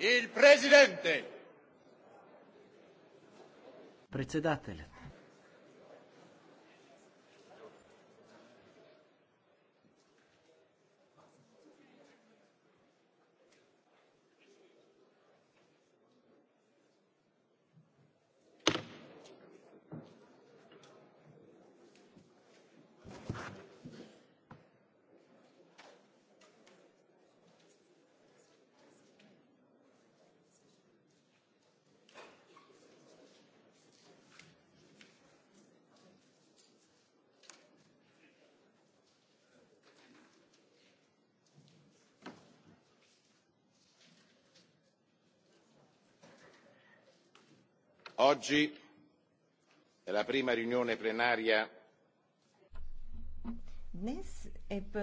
Il Presidente. Председателят. oggi è la prima riunione plenaria